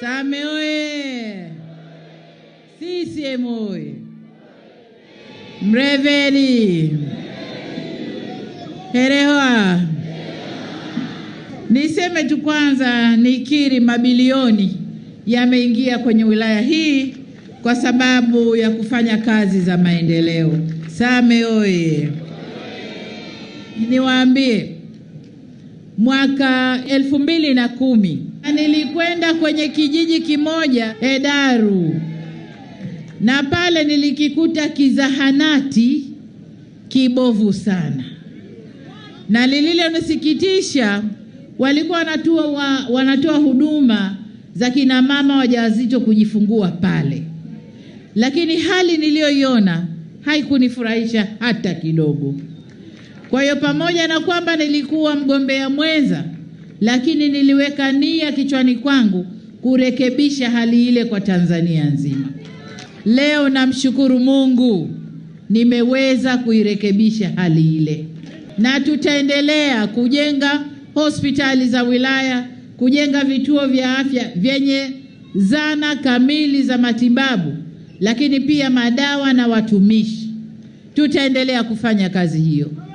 Same oye! CCM oye! Mreveni herewa, niseme tu kwanza, nikiri mabilioni yameingia kwenye wilaya hii kwa sababu ya kufanya kazi za maendeleo. Same oye! Niwaambie mwaka elfu mbili na kumi nilikwenda kwenye kijiji kimoja Hedaru, na pale nilikikuta kizahanati kibovu sana, na lililonisikitisha walikuwa wanatoa wanatoa huduma za kina mama wajawazito kujifungua pale, lakini hali niliyoiona haikunifurahisha hata kidogo. Kwa hiyo pamoja na kwamba nilikuwa mgombea mwenza, lakini niliweka nia kichwani kwangu kurekebisha hali ile kwa Tanzania nzima. Leo namshukuru Mungu nimeweza kuirekebisha hali ile, na tutaendelea kujenga hospitali za wilaya, kujenga vituo vya afya vyenye zana kamili za matibabu, lakini pia madawa na watumishi. Tutaendelea kufanya kazi hiyo.